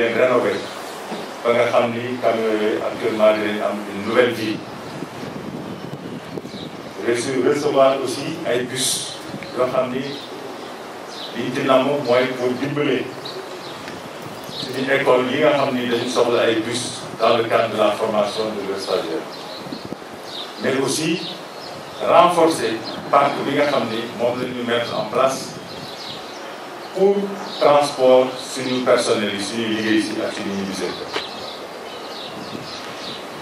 leen rénover la nga comme ni camion yooyu am une nouvelle vie. reçu recevoir aussi un bus famille, il y a un namm moyen pour C'est une école yi nga xam ni dañu ay bus dans le cadre de la formation de leurs stagiaires mais aussi renforcer par bi nga xam nous mettre en place pour transport suñu personnel yi ici, liggéey si ak suñuy visite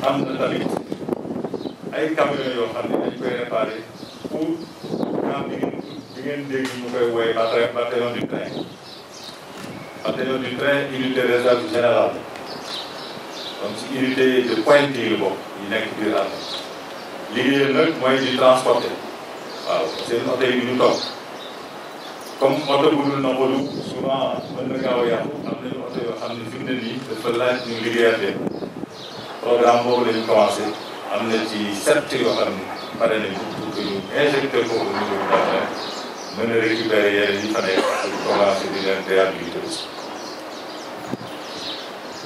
am na tamit ay camions yo xamné dañ koy réparé pour naam di ngeen di ngeen dégg ñu koy wooye bataillon du train bataillon du train unité réserve générale donc si unité de pointe yi bokk yi nekk biir armée liggéeyam nak moy di transporter waaw une oto yi ñu toog comme oto bu dul noppalu souvent mën na gaaw a yàqu am nañu oto yoo xam ne fi mu ne nii dafa laaj programme boobu am na ci sept yoo xam ne pare nañu pour que ñu injecté ko au niveau de la mën a récupérer yeneen yi fa di leen réhabilité aussi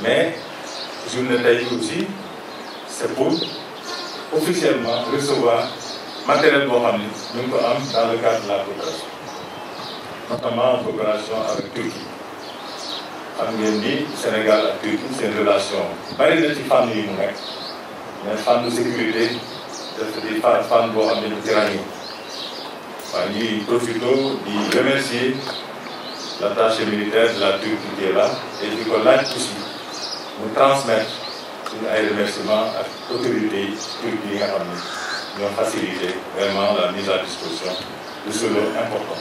mais journée tey aussi c' est pour officiellement recevoir matériel boo xam ne la coopération. notamment en coopération avec Turquie Comme bien dit, Sénégal avec Turquie une relation pas une petite famille, mais une mais sécurité de di des femmes boo xam ne ñu ci remercier l'attaché militaire de la Turquie qui est là et du collège aussi nous transmettre un remerciement à l'autorité autorités turques qui ont facilité vraiment la mise à disposition de ce lot important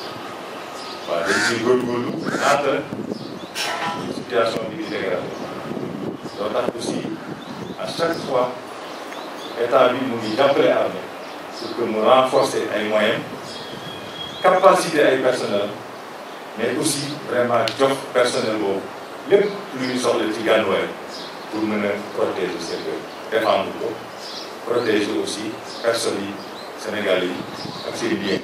waaw dañ ciy góorgóorlu entre situation bi ngi dégradé loolu tax aussi à chaque fois état bi mu ngi jàppale armée pour que mu renforcer ay moyens capacité ay personnel mais aussi vraiment jox personnel boobu lépp lu ñu soxla ci gànnuwaay pour mën a protéger seen bopp défendre ko protéger aussi personnes yi Sénégal yi ak seen biens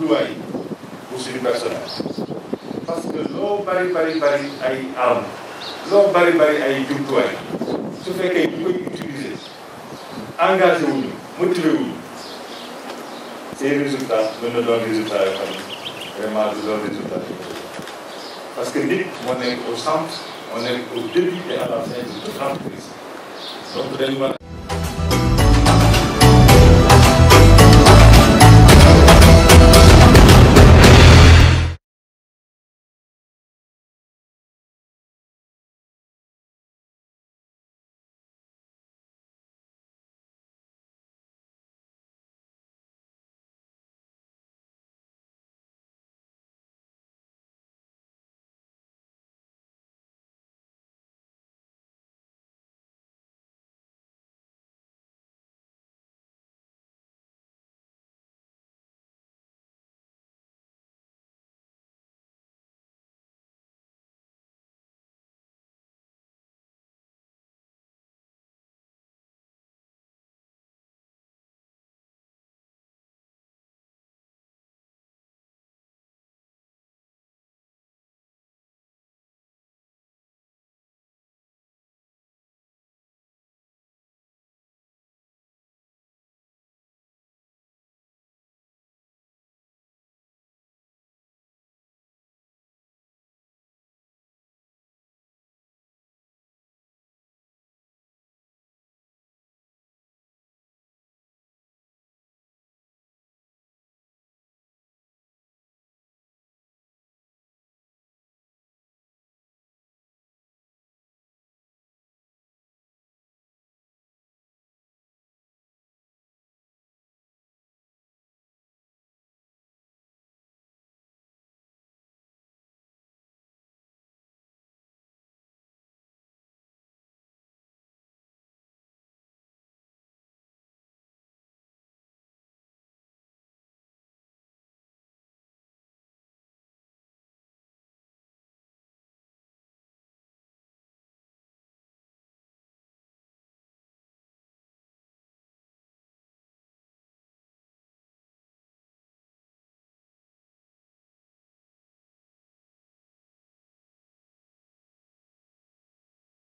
jubluwaay pour ce personnage parce que loo bari bari bari ay arme loo bari bari ay jumtuwaay su fekkee ñu koy utiliser engager wu ñu motivé ces résultats nous ne doon résultat à la famille. vraiment du résultats parce que dès qu'on est au centre on est au début et à la fin de toute entreprise donc vraiment,